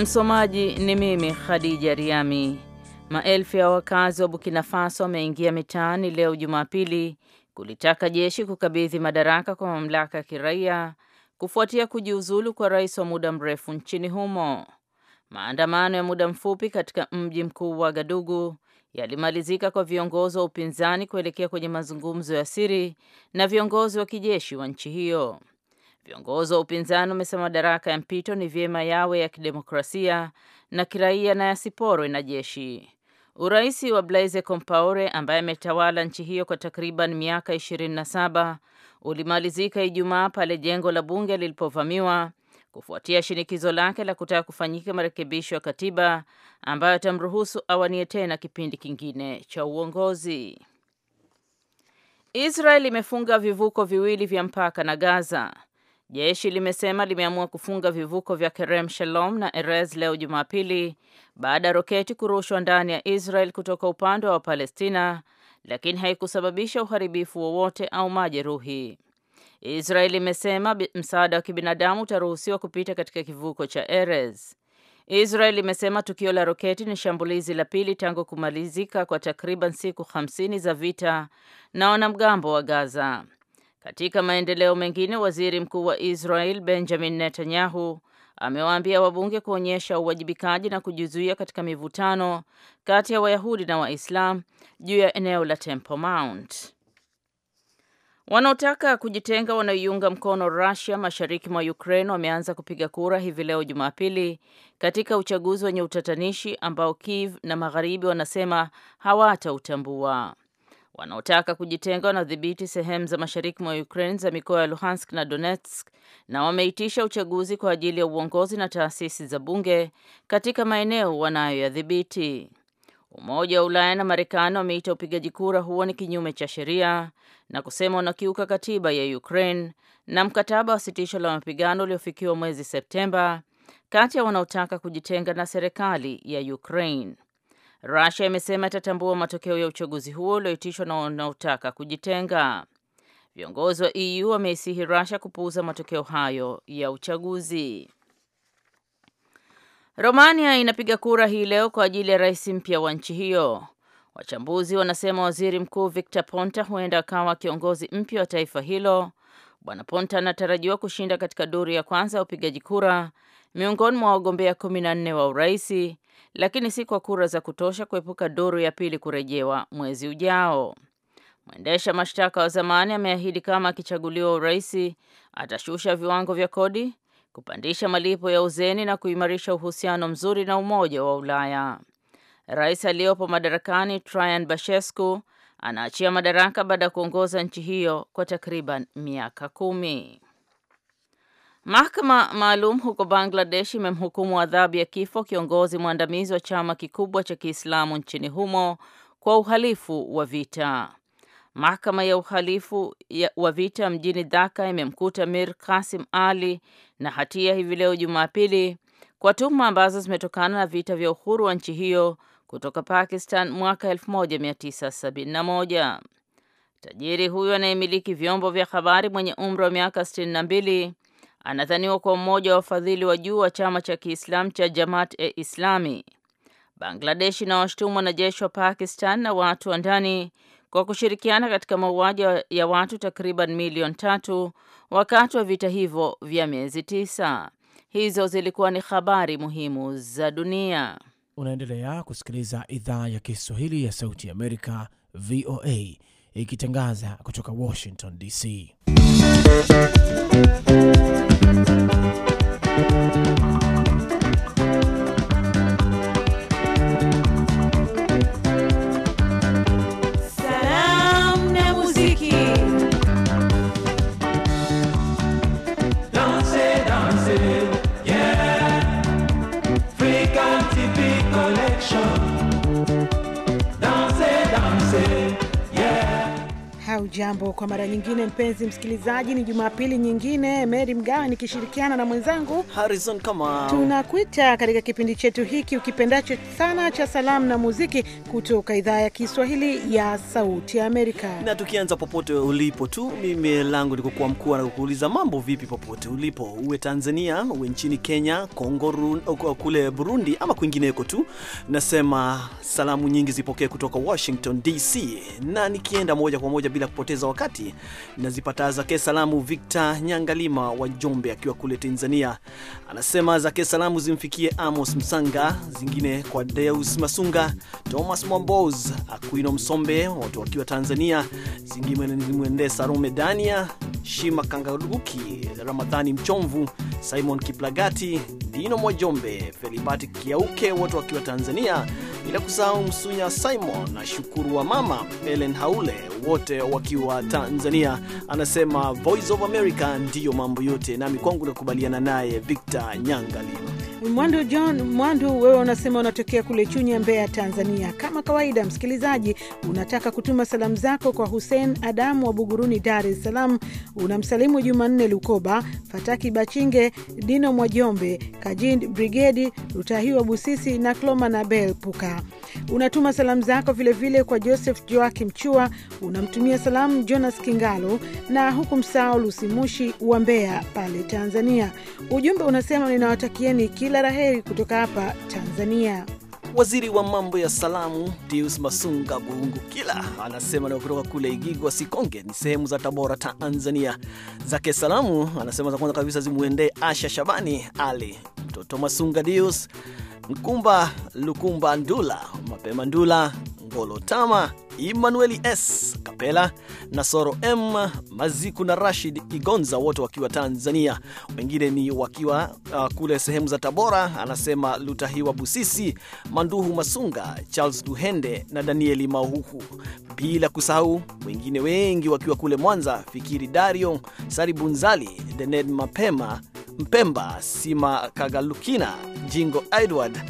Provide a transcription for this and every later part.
Msomaji ni mimi Khadija Riami. Maelfu ya wakazi wa Burkina Faso wameingia mitaani leo Jumapili kulitaka jeshi kukabidhi madaraka kwa mamlaka ya kiraia kufuatia kujiuzulu kwa rais wa muda mrefu nchini humo. Maandamano ya muda mfupi katika mji mkuu wa Gadugu yalimalizika kwa viongozi wa upinzani kuelekea kwenye mazungumzo ya siri na viongozi wa kijeshi wa nchi hiyo. Viongozi wa upinzani wamesema madaraka ya mpito ni vyema yawe ya kidemokrasia na kiraia na yasiporwe na jeshi. Urais wa Blaise Compaore ambaye ametawala nchi hiyo kwa takriban miaka 27 ulimalizika Ijumaa pale jengo la bunge lilipovamiwa kufuatia shinikizo lake la kutaka kufanyika marekebisho ya katiba ambayo atamruhusu awanie tena kipindi kingine cha uongozi. Israel imefunga vivuko viwili vya mpaka na Gaza Jeshi limesema limeamua kufunga vivuko vya Kerem Shalom na Erez leo Jumapili baada ya roketi kurushwa ndani ya Israel kutoka upande wa Palestina, lakini haikusababisha uharibifu wowote au majeruhi. Israel imesema msaada wa kibinadamu utaruhusiwa kupita katika kivuko cha Erez. Israel imesema tukio la roketi ni shambulizi la pili tangu kumalizika kwa takriban siku 50 za vita na wanamgambo wa Gaza. Katika maendeleo mengine, waziri mkuu wa Israel Benjamin Netanyahu amewaambia wabunge kuonyesha uwajibikaji na kujizuia katika mivutano kati ya Wayahudi na Waislam juu ya eneo la Temple Mount. Wanaotaka kujitenga wanaoiunga mkono Russia mashariki mwa Ukraine wameanza kupiga kura hivi leo Jumapili katika uchaguzi wenye utatanishi ambao Kiev na magharibi wanasema hawatautambua wanaotaka kujitenga wanadhibiti sehemu za mashariki mwa Ukraine za mikoa ya Luhansk na Donetsk na wameitisha uchaguzi kwa ajili ya uongozi na taasisi za bunge katika maeneo wanayoyadhibiti. Umoja wa Ulaya na Marekani wameita upigaji kura huo ni kinyume cha sheria na kusema unakiuka katiba ya Ukraine na mkataba wa sitisho la mapigano uliofikiwa mwezi Septemba kati ya wanaotaka kujitenga na serikali ya Ukraine. Russia imesema itatambua matokeo ya uchaguzi huo ulioitishwa na wanaotaka kujitenga. Viongozi wa EU wameisihi Russia kupuuza matokeo hayo ya uchaguzi. Romania inapiga kura hii leo kwa ajili ya rais mpya wa nchi hiyo. Wachambuzi wanasema waziri mkuu Victor Ponta huenda akawa kiongozi mpya wa taifa hilo. Bwana Ponta anatarajiwa kushinda katika duru ya kwanza ya upigaji kura miongoni mwa wagombea kumi na nne wa uraisi lakini si kwa kura za kutosha kuepuka duru ya pili kurejewa mwezi ujao. Mwendesha mashtaka wa zamani ameahidi kama akichaguliwa urais atashusha viwango vya kodi, kupandisha malipo ya uzeni na kuimarisha uhusiano mzuri na Umoja wa Ulaya. Rais aliyopo madarakani Traian Bashescu anaachia madaraka baada ya kuongoza nchi hiyo kwa takriban miaka kumi. Mahakama maalum huko Bangladesh imemhukumu adhabu ya kifo kiongozi mwandamizi wa chama kikubwa cha Kiislamu nchini humo kwa uhalifu wa vita. Mahakama ya uhalifu wa vita mjini Dhaka imemkuta Mir Kasim Ali na hatia hivi leo Jumapili kwa tuhuma ambazo zimetokana na vita vya uhuru wa nchi hiyo kutoka Pakistan mwaka 1971. Tajiri huyo anayemiliki vyombo vya habari mwenye umri wa miaka 62 anadhaniwa kuwa mmoja wa wafadhili wa juu wa chama cha Kiislamu cha Jamaat e Islami. Bangladesh inawashutumu wanajeshi wa Pakistan na watu wa ndani kwa kushirikiana katika mauaji ya watu takriban milioni tatu wakati wa vita hivyo vya miezi tisa. Hizo zilikuwa ni habari muhimu za dunia. Unaendelea kusikiliza idhaa ya Kiswahili ya Sauti ya Amerika, VOA, ikitangaza kutoka Washington DC. Thank you. ujambo kwa mara nyingine, mpenzi msikilizaji, ni Jumapili nyingine, Meri Mgawe nikishirikiana na mwenzangu Harrison kama tunakuita katika kipindi chetu hiki ukipendacho sana cha salamu na muziki kutoka idhaa ya Kiswahili ya Sauti ya Amerika. Na tukianza popote ulipo tu, mimi langu ni kukuamkua na kukuuliza mambo vipi, popote ulipo, uwe Tanzania, uwe nchini Kenya, Kongo, uh, kule Burundi ama kwingineko tu, nasema salamu nyingi zipokee kutoka Washington DC, na nikienda moja kwa moja bila kupoteza wakati. Nazipata zake salamu Victor Nyangalima wa Njombe akiwa kule Tanzania, anasema zake salamu zimfikie Amos Msanga, zingine kwa Deus Masunga, Thomas Mwambos, Akwino Msombe, watu wakiwa Tanzania, zingine zimwendee Sarume Dania, Shima Kangaruki, Ramadhani Mchomvu, Simon Kiplagati, Dino Mwajombe, Felibati Kiauke, wote wakiwa Tanzania bila kusahau Msunya Simon na Shukuru wa mama Ellen Haule, wote wakiwa Tanzania. Anasema Voice of America ndiyo mambo yote, nami kwangu nakubaliana naye Victor Nyangalima. Mwandu John Mwandu, wewe unasema unatokea kule Chunya, Mbeya, Tanzania. Kama kawaida, msikilizaji, unataka kutuma salamu zako kwa Hussein Adamu wa Buguruni, Dar es Salaam. Unamsalimu Jumanne Lukoba, Fataki Bachinge, Dino Mwajombe, Kajind Brigedi Rutahiwa Busisi na Cloma na Bel Puka. Unatuma salamu zako vilevile vile kwa Joseph Joaki Mchua, unamtumia salamu Jonas Kingalo na huku msao Lusimushi wa Mbeya pale Tanzania. Ujumbe unasema ninawatakieni kila kila laheri kutoka hapa Tanzania. Waziri wa mambo ya salamu Deus Masunga Buungu Kila anasema na kutoka kule Igigwa Sikonge ni sehemu za Tabora, Tanzania. Zake salamu anasema za kwanza kabisa zimuendee Asha Shabani Ali, mtoto Masunga Deus Nkumba Lukumba Ndula, Mapema Ndula Ngolo Tama Emmanuel S Kapela, Nasoro M Maziku na Rashid Igonza, wote wakiwa Tanzania, wengine ni wakiwa uh, kule sehemu za Tabora. Anasema Lutahiwa Busisi, Manduhu Masunga, Charles Duhende na Danieli Mauhu, bila kusahau wengine wengi wakiwa kule Mwanza, Fikiri Dario, Saribunzali, Dened Mapema Mpemba, Sima Kagalukina, Jingo Edward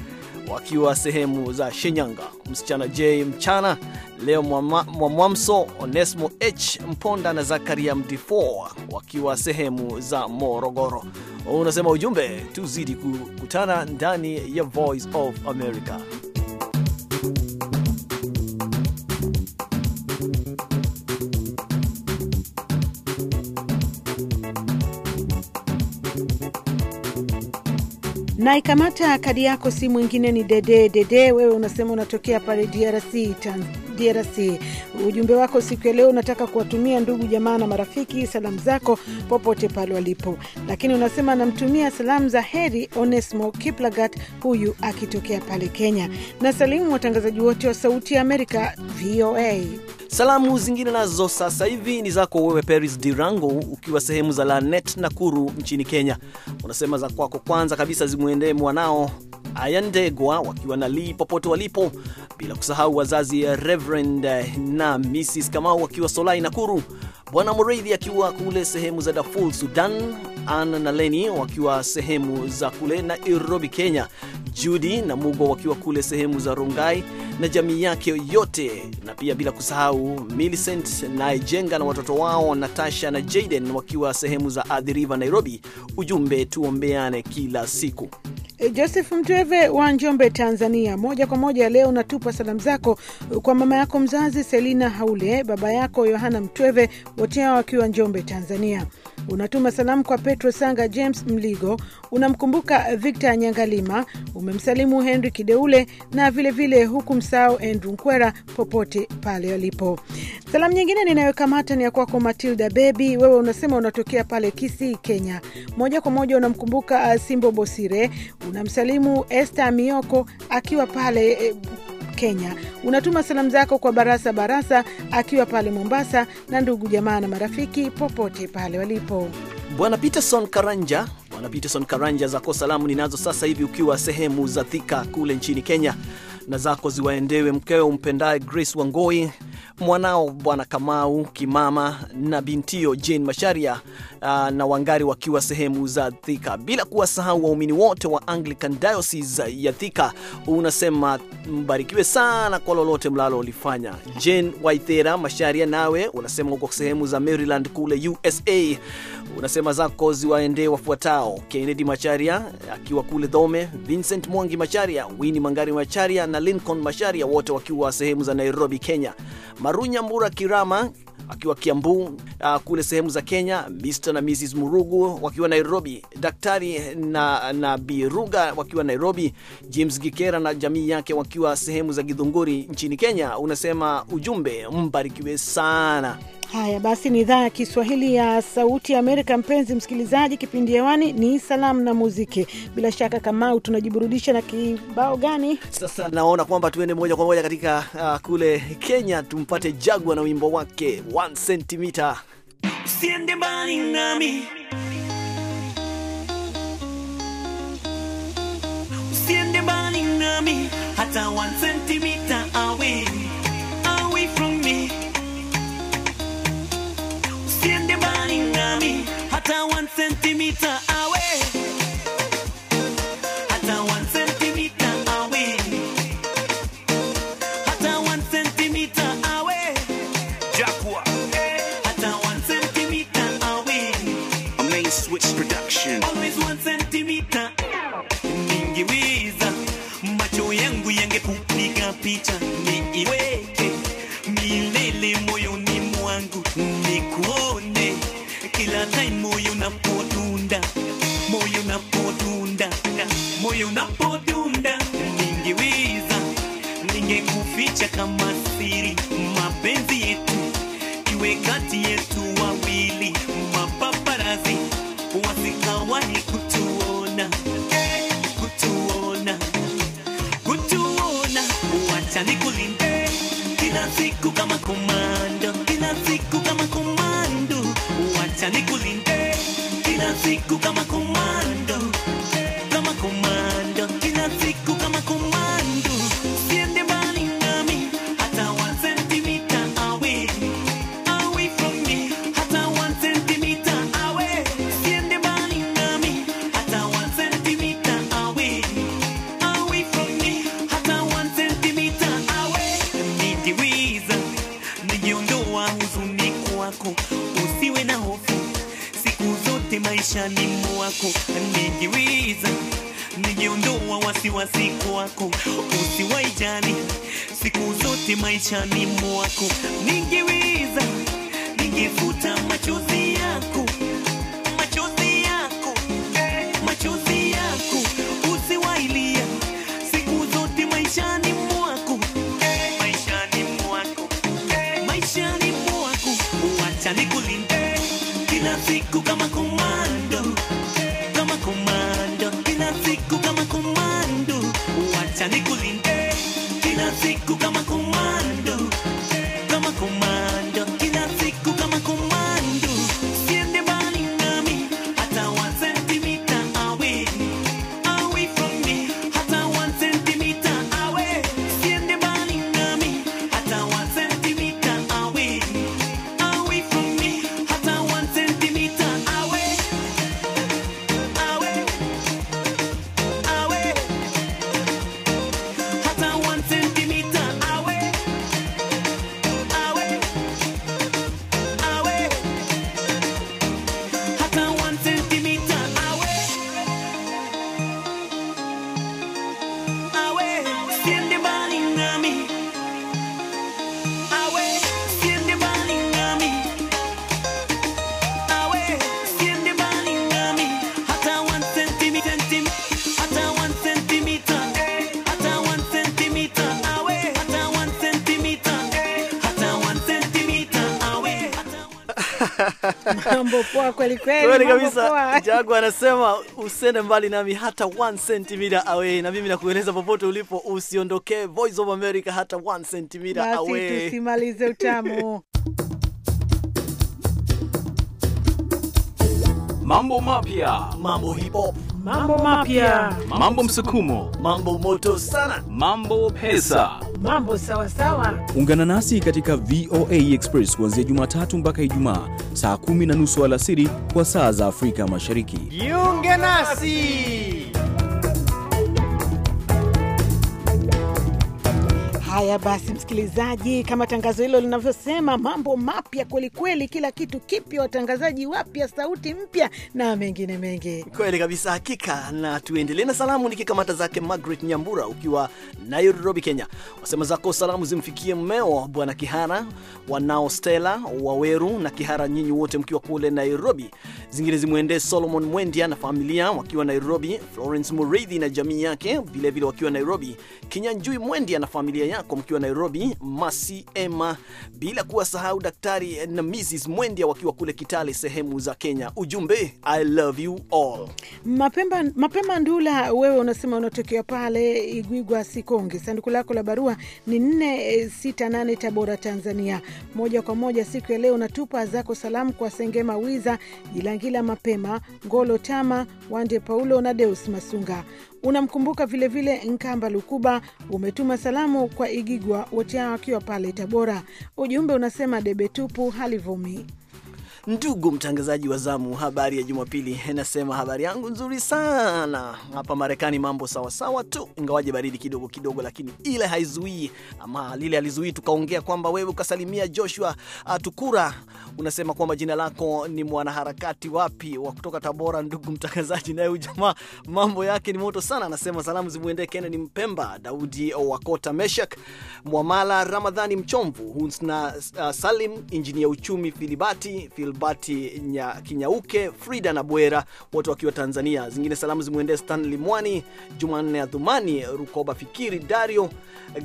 wakiwa sehemu za Shinyanga. Msichana J Mchana, Leo Mwamwamso, Onesmo H Mponda na Zakaria Mdifo wakiwa sehemu za Morogoro. Unasema ujumbe, tuzidi kukutana ndani ya Voice of America. na ikamata kadi yako, si mwingine ni Dede Dede. Wewe unasema unatokea pale DRC DRC. Ujumbe wako siku ya leo unataka kuwatumia ndugu jamaa na marafiki salamu zako popote pale walipo, lakini unasema anamtumia salamu za heri Onesmo Kiplagat, huyu akitokea pale Kenya, na salimu watangazaji wote wa Sauti ya Amerika VOA. Salamu zingine nazo sasa hivi ni zako wewe Paris Dirango, ukiwa sehemu za Lanet Nakuru nchini Kenya. Unasema za kwako kwanza kabisa zimwendee mwanao Ayandegwa wakiwa na Lee popote walipo, bila kusahau wazazi ya Reverend eh, na Mrs Kamau wakiwa Solai Nakuru, Bwana Mureithi akiwa kule sehemu za Darfur Sudan, Ana na Leni wakiwa sehemu za kule na Nairobi Kenya, judi na Mugwa wakiwa kule sehemu za Rongai na jamii yake yote, na pia bila kusahau Millicent na Ijenga na watoto wao Natasha na Jaden wakiwa sehemu za Athi River Nairobi. Ujumbe, tuombeane kila siku. Eh, Joseph Mtweve wa Njombe, Tanzania, moja kwa moja leo unatupa salamu zako kwa mama yako mzazi Selina Haule, baba yako Yohana Mtweve, wote hao wakiwa Njombe, Tanzania. Unatuma salamu kwa Petro Sanga, James Mligo, unamkumbuka Victor Nyangalima, umemsalimu Henry Kideule na vilevile vile huku msao Andrew Nkwera popote pale alipo. Salamu nyingine ninayokamata ni ya kwako Matilda Bebi, wewe unasema unatokea pale Kisii, Kenya. Moja kwa moja unamkumbuka uh, Simbo Bosire, unamsalimu Esther Mioko akiwa pale eh, Kenya. Unatuma salamu zako kwa Barasa Barasa akiwa pale Mombasa na ndugu jamaa na marafiki popote pale walipo. Bwana Peterson Karanja, Bwana Peterson Karanja, zako salamu ninazo sasa hivi ukiwa sehemu za Thika kule nchini Kenya, na zako ziwaendewe mkeo umpendae Grace Wangoi mwanao bwana Kamau Kimama na bintio Jane Masharia uh, na Wangari wakiwa sehemu za Thika, bila kuwasahau waumini wote wa Anglican Diocese ya Thika. Unasema mbarikiwe sana kwa lolote mlalo ulifanya. Jane Waithera Masharia, nawe unasema uko sehemu za Maryland kule USA, unasema zako ziwaendee wafuatao: Kennedy Macharia akiwa kule Dhome, Vincent Mwangi Macharia, Winnie Mangari Macharia na Lincoln Macharia, wote wakiwa sehemu za Nairobi, Kenya. Marunyambura Kirama akiwa Kiambu uh, kule sehemu za Kenya, Mr na Mrs Murugu wakiwa Nairobi, Daktari na, na Biruga wakiwa Nairobi, James Gikera na jamii yake wakiwa sehemu za Githunguri nchini Kenya. Unasema ujumbe mbarikiwe sana. Haya basi, ni idhaa ya Kiswahili ya Sauti ya Amerika. Mpenzi msikilizaji, kipindi hewani ni salamu na muziki. Bila shaka, Kamau, tunajiburudisha na kibao gani sasa? Naona kwamba tuende moja kwa moja katika uh, kule Kenya, tumpate Jagwa na wimbo wake One Centimeter. mbali nami, siende mbali nami hata one centimeter Anita. moyo unapodunda, ningeweza ningekuficha kama siri, mapenzi yetu iwe kati yetu wawili, mapaparazi wasikawahi kutuona, kutuona, kutuona, wacha nikulinde kila siku kama komando, kila siku kama komando, wacha nikulinde kila siku kama komando wako, nijiwiza nijiondoa wasiwasi kwako, usiwaijani siku zote maishani mwako, ningifuta machozi yako siku zote maishani mwako mwako kama kumani siku kama Mambo poa kweli kweli. Kweli kabisa. Jagu anasema usende mbali nami hata 1 cm away, na mimi nakueleza popote ulipo usiondokee Voice of America hata 1 cm away. Basi tusimalize utamu. Mambo mapya, mambo hip hop, mambo mapya, mambo msukumo, mambo moto sana, mambo pesa mambo sawasawa. Ungana nasi katika VOA Express kuanzia Jumatatu mpaka Ijumaa saa kumi na nusu alasiri kwa saa za Afrika Mashariki. Jiunge nasi. Haya basi, msikilizaji, kama tangazo hilo linavyosema, mambo mapya kwelikweli, kila kitu kipya, watangazaji wapya, sauti mpya na mengine mengi, kweli kabisa, hakika. Na tuendelee na salamu, nikikamata zake Margaret Nyambura ukiwa Nairobi, Kenya, wasema zako salamu zimfikie mmeo Bwana Kihara, wanao Stella Waweru na Kihara, nyinyi wote mkiwa kule Nairobi. Zingine zimwendee Solomon Mwendia na familia wakiwa Nairobi, Florence Mureithi na jamii yake vilevile wakiwa Nairobi, Kinyanjui Mwendia na familia yake yako mkiwa Nairobi, Masi Emma, bila kuwasahau Daktari na Mrs Mwendia wakiwa kule Kitale, sehemu za Kenya. Ujumbe I love you all. Mapemba, mapema Ndula, wewe unasema unatokea pale Igwigwa Sikonge. Sanduku lako la barua ni 468 Tabora, Tanzania. Moja kwa moja siku ya leo unatupa zako salamu kwa Sengema Wiza, Jilangila Mapema, Ngolo Tama, Wande Paulo na Deus Masunga Unamkumbuka vilevile Nkamba Lukuba, umetuma salamu kwa Igigwa wote hao wakiwa pale Tabora. Ujumbe unasema debe tupu halivumi. Ndugu mtangazaji wa zamu, habari ya Jumapili. Nasema habari yangu nzuri sana hapa Marekani, mambo sawasawa tu, ingawaje baridi kidogo kidogo, lakini ile haizuii ama lile halizuii tukaongea kwamba wewe ukasalimia Joshua Tukura unasema kwamba jina lako ni mwanaharakati wapi wa kutoka Tabora, ndugu mtangazaji. Naye jamaa mambo yake ni moto sana, anasema salamu zimuendee Kennedy Mpemba, Daudi Wakota, Meshak Mwamala, Ramadhani Mchomvu, Hunsna uh, Salim, injinia uchumi Filibati Filbati nya, Kinyauke, Frida na Bwera, wote wakiwa Tanzania. Zingine salamu zimuendee Stanley Mwani, Jumanne Adhumani, Rukoba Fikiri, Dario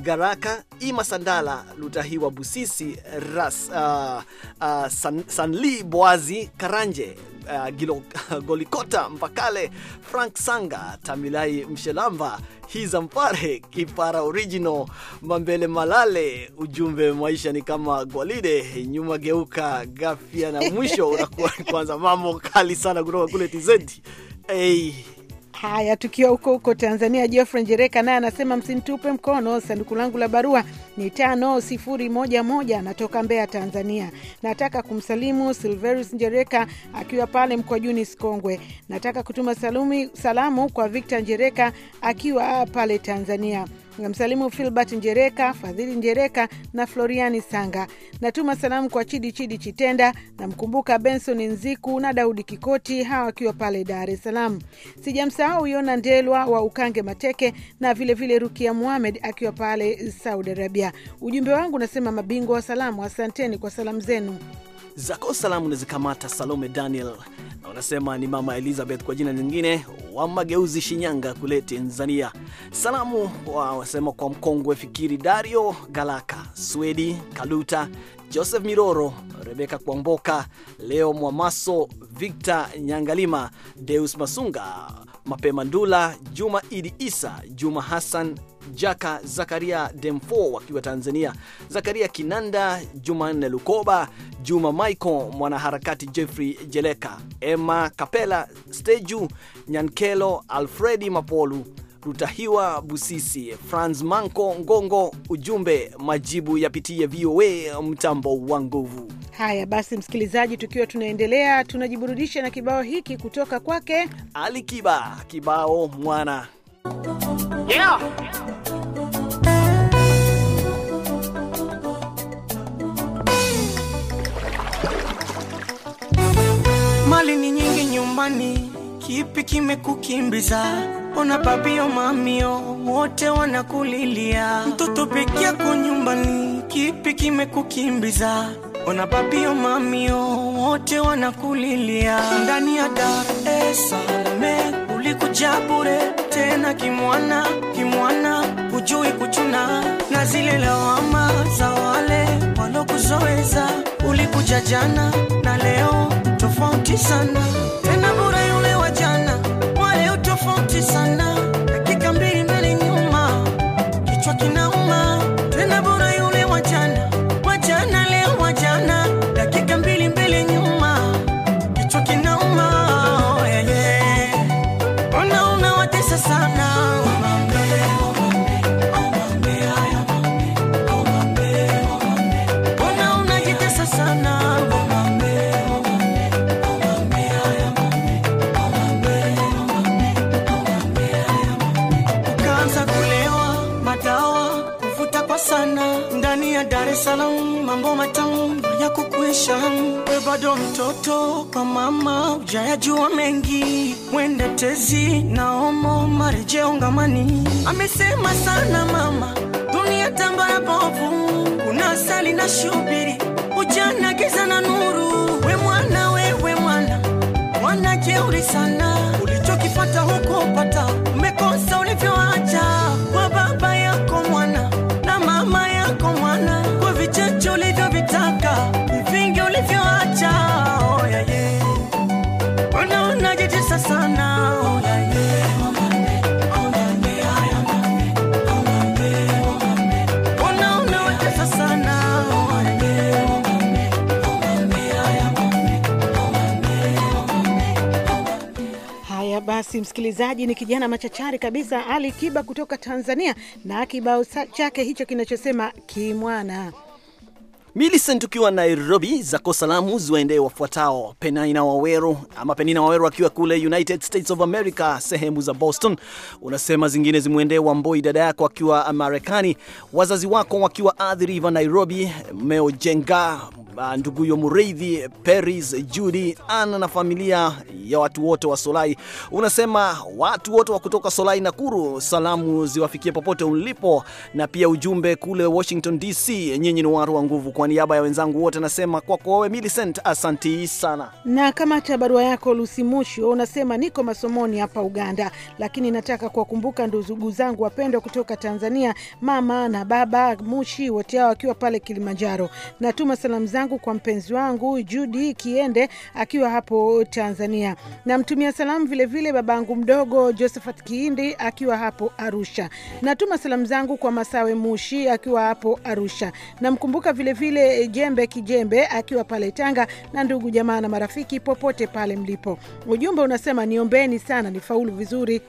Garaka, Ima Sandala, Lutahiwa Busisi, Ras uh, uh, San, Sanli Boazi Karanje Uh, Gilo, Golikota Mpakale, Frank Sanga, Tamilai Mshelamba, Hiza Mpare, Kipara Original, Mambele Malale. Ujumbe, maisha ni kama gwalide, nyuma geuka, gafia na mwisho unakuwa kwanza. Mambo kali sana kutoka kule tizeti Hey. Haya, tukiwa huko huko Tanzania, Geoffrey Njereka naye anasema msinitupe mkono, sanduku langu la barua ni tano sifuri moja moja, natoka Mbeya, Tanzania. Nataka kumsalimu Silverus Njereka akiwa pale Mkwajuni Sikongwe. Nataka kutuma salumi, salamu kwa Victor Njereka akiwa pale Tanzania. Namsalimu Filbert Njereka, Fadhili Njereka na Floriani Sanga. Natuma salamu kwa Chidi Chidi Chitenda, namkumbuka Benson Nziku na Daudi Kikoti, hawa wakiwa pale Dar es Salaam. Sijamsahau Yona Ndelwa wa Ukange Mateke na vilevile vile Rukia Muhamed akiwa pale Saudi Arabia. Ujumbe wangu unasema mabingwa wa salamu, asanteni kwa salamu zenu zako salamu nazikamata Salome Daniel na unasema ni Mama Elizabeth kwa jina lingine wa Mageuzi, Shinyanga kule Tanzania. Salamu wasema kwa mkongwe Fikiri Dario Galaka, Swedi Kaluta, Joseph Miroro, Rebeka Kwamboka, Leo Mwamaso, Victor Nyangalima, Deus Masunga, Mapema Ndula, Juma Idi Isa, Juma Hassan Jaka Zakaria Demfo wakiwa Tanzania, Zakaria Kinanda, Jumanne Lukoba, Juma Michael, mwanaharakati Jeffrey Jeleka, Emma Kapela, Steju Nyankelo, Alfredi Mapolu Rutahiwa Busisi, Franz Manko Ngongo. Ujumbe majibu yapitie VOA mtambo wa nguvu. Haya basi, msikilizaji, tukiwa tunaendelea tunajiburudisha na kibao hiki kutoka kwake Ali Kiba, kibao mwana Yeah. Mali ni nyingi nyumbani, kipi kimekukimbiza? Ona babio mamio wote wanakulilia, mtoto peke yako nyumbani, kipi kimekukimbiza? Ona babio mamio wote wanakulilia ndani ya Dar es Salaam nilikuja bure tena kimwana kimwana, hujui kuchuna na zile lawama za wale walokuzoeza. Ulikuja jana na leo tofauti sana, tena bure yule wa jana, wa leo tofauti sana bado mtoto kwa mama, ujayajua mengi, wenda tezi na omo, marejeo ngamani. Amesema sana mama, dunia tambara bovu, kuna asali na shubiri, ujana giza na nuru. We mwana, wewe mwana, mwana jeuri sana, ulichokipata huko basi msikilizaji, ni kijana machachari kabisa Ali Kiba kutoka Tanzania na kibao chake hicho kinachosema Kimwana. Millicent ukiwa Nairobi, zako salamu ziwaendee wafuatao: Penina Waweru ama Penina Waweru akiwa kule United States of America, sehemu za Boston. Unasema zingine zimwendee Wamboi, dada yako akiwa Marekani, wazazi wako wakiwa Athi River, Nairobi, mmeo Jenga, ah, nduguyo Mureithi, Peris, Judy, Anna na familia ya watu wote wa Solai. Unasema watu wote wa kutoka Solai Nakuru, salamu ziwafikie popote ulipo, na pia ujumbe kule Washington DC, nyinyi ni watu wa nguvu kwa niaba ya wenzangu wote nasema kwako wewe Millicent, asanti sana. Na kamata barua yako Lusi Mushio, unasema niko masomoni hapa Uganda, lakini nataka kuwakumbuka ndugu zangu wapendwa kutoka Tanzania, mama na baba Mushi, wote hao wakiwa pale Kilimanjaro. Natuma salamu zangu kwa mpenzi wangu Judy Kiende akiwa hapo Tanzania. Namtumia salamu vilevile babangu mdogo Josephat Kiindi akiwa hapo Arusha. Natuma salamu zangu kwa Masawe Mushi akiwa hapo Arusha. Namkumbuka vilevile vile Jembe Kijembe akiwa pale Tanga na ndugu jamaa na marafiki popote pale mlipo. Ujumbe unasema niombeni sana nifaulu vizuri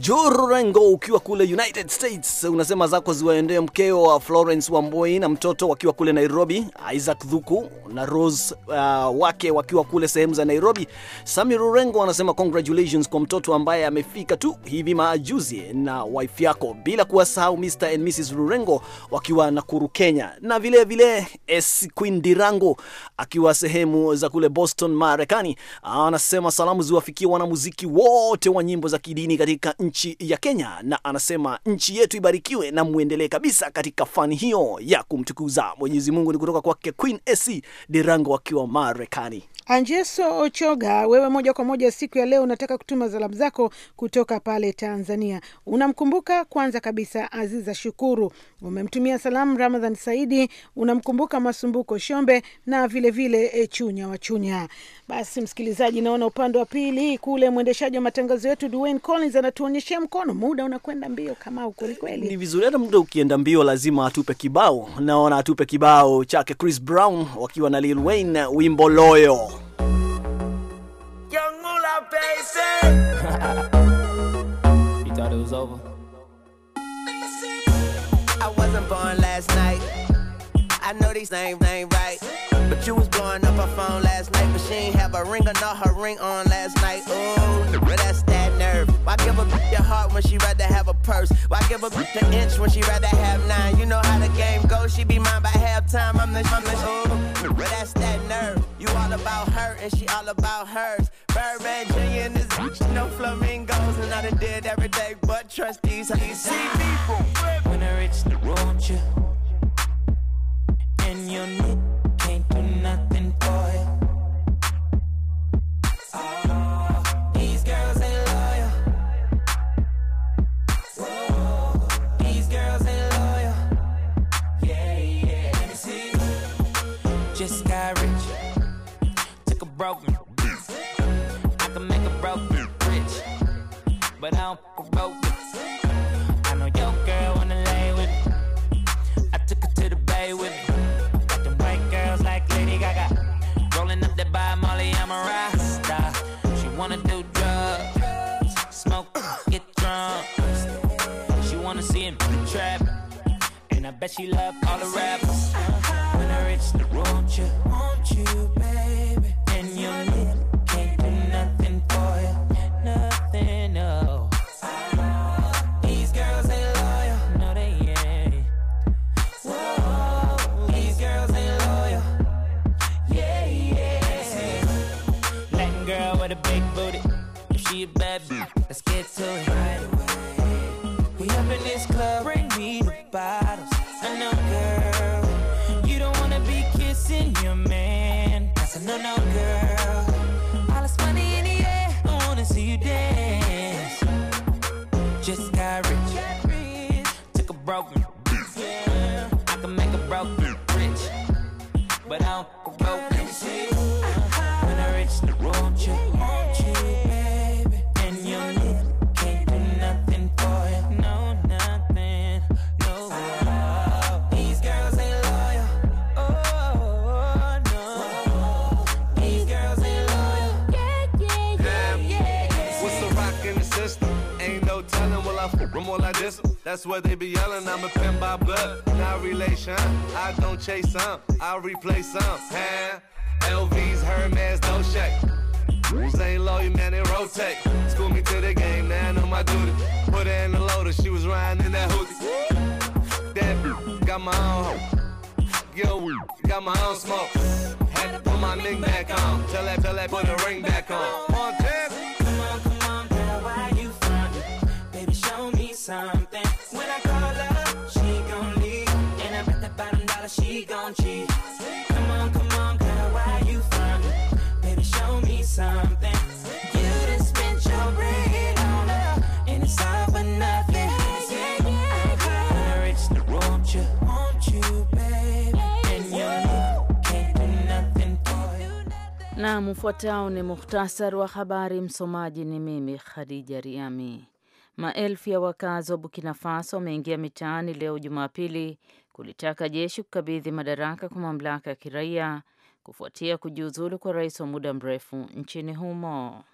Jurengo ukiwa kule United States unasema zako ziwaendee mkeo wa Florence Wamboi na mtoto wakiwa kule Nairobi, Isaac Dhuku na Rose uh, wake wakiwa kule sehemu za Nairobi. Sami Rurengo anasema congratulations kwa mtoto ambaye amefika tu hivi majuzi na wife yako, bila kuwasahau Mr and Mrs Rurengo wakiwa Nakuru, Kenya, na vile vile S Queen Dirango akiwa sehemu za kule Boston, Marekani. Anasema salamu ziwafikie wanamuziki wote wa nyimbo za kidini katika nchi ya Kenya, na anasema nchi yetu ibarikiwe na muendelee kabisa katika fani hiyo ya kumtukuza Mwenyezi Mungu. Ni kutoka kwake Queen AC Derango akiwa Marekani. Anjeso Ochoga, wewe moja kwa moja siku ya leo unataka kutuma salamu zako kutoka pale Tanzania. Unamkumbuka kwanza kabisa Aziza Shukuru, umemtumia salamu Ramadhan Saidi, unamkumbuka Masumbuko Shombe na vilevile vile, eh, Chunya wa Chunya. Basi msikilizaji, naona upande wa pili kule mwendeshaji wa matangazo yetu Dwayne Collins anatuonyeshea mkono. Muda unakwenda mbio kama kwelikweli, ni vizuri hata muda ukienda mbio lazima atupe kibao. Naona atupe kibao chake Chris Brown wakiwa na Lil Wayne, wimbo Loyo. Young Moolah, baby. you thought it was over? I wasn't born last night. I know these names ain't right. But you was blowing up her phone last night. But she ain't have a ring or not her ring on last night. Ooh, that's that nerve. Why give a bitch a heart when she rather have a purse? Why give a bitch an inch when she rather have nine? You know how the game goes, she be mine by halftime. I'm the, I'm the, ooh, that's that nerve. You all about her and she all about hers. Birdman Jr. and this bitch, no flamingos. And I done did every day but trust these. How you see me from When I reach the road, you and your but I don't promote it. I know your girl wanna lay with me. I took her to the bay with me. Got them white girls like Lady Gaga. Rolling up that by Molly, I'm a rasta. She wanna do drugs, smoke, get drunk. She wanna see him in the trap, and I bet she love all the rappers. Room all like this, that's where they be yelling. I'm a pimp by blood, not relation. I don't chase some, I replace some. Huh? LVs, Hermes, no shake. low, Louis, man, they rotate. School me to the game, now I know my duty. Put her in the loader, she was riding in that hoodie. That got my own hoe. Yo, got my own smoke. Had to put my ring back on. Tell that, tell that, put the ring back on. something. When I call her, she gon' leave. And I bet the bottom dollar she gon' cheat. Come on, come on, girl, why you find me? Baby, show me something. You done spent your bread on her, and it's all for nothing. Yeah, yeah, yeah. reach the room, you want you, baby, and you. Na, mfuatao ni muhtasari wa habari. Msomaji ni mimi Khadija Riami. Maelfu ya wakazi wa Burkina Faso wameingia mitaani leo Jumapili kulitaka jeshi kukabidhi madaraka kwa mamlaka ya kiraia kufuatia kujiuzulu kwa rais wa muda mrefu nchini humo.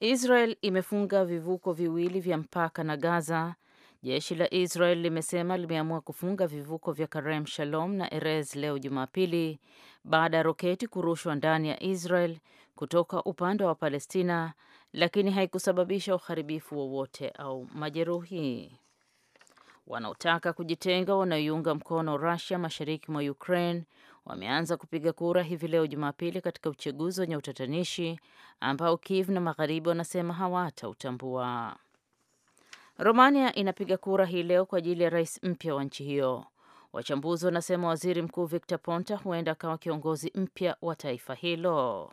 Israel imefunga vivuko viwili vya mpaka na Gaza. Jeshi la Israel limesema limeamua kufunga vivuko vya Karem Shalom na Erez leo Jumapili baada ya roketi kurushwa ndani ya Israel kutoka upande wa Palestina lakini haikusababisha uharibifu wowote au majeruhi. Wanaotaka kujitenga wanaoiunga mkono rasia mashariki mwa Ukraine wameanza kupiga kura hivi leo Jumapili katika uchaguzi wenye utatanishi ambao Kiev na magharibi wanasema hawatautambua. Romania inapiga kura hii leo kwa ajili ya rais mpya wa nchi hiyo. Wachambuzi wanasema waziri mkuu Victor Ponta huenda akawa kiongozi mpya wa taifa hilo.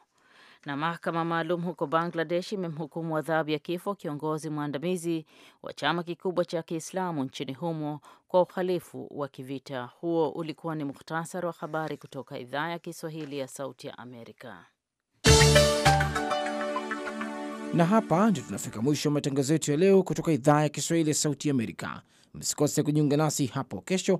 Na mahakama maalum huko Bangladesh imemhukumu adhabu ya kifo kiongozi mwandamizi wa chama kikubwa cha Kiislamu nchini humo kwa uhalifu wa kivita. Huo ulikuwa ni muhtasari wa habari kutoka idhaa ya Kiswahili ya Sauti ya Amerika. Na hapa ndio tunafika mwisho wa matangazo yetu ya leo kutoka idhaa ya Kiswahili ya Sauti Amerika. Msikose kujiunga nasi hapo kesho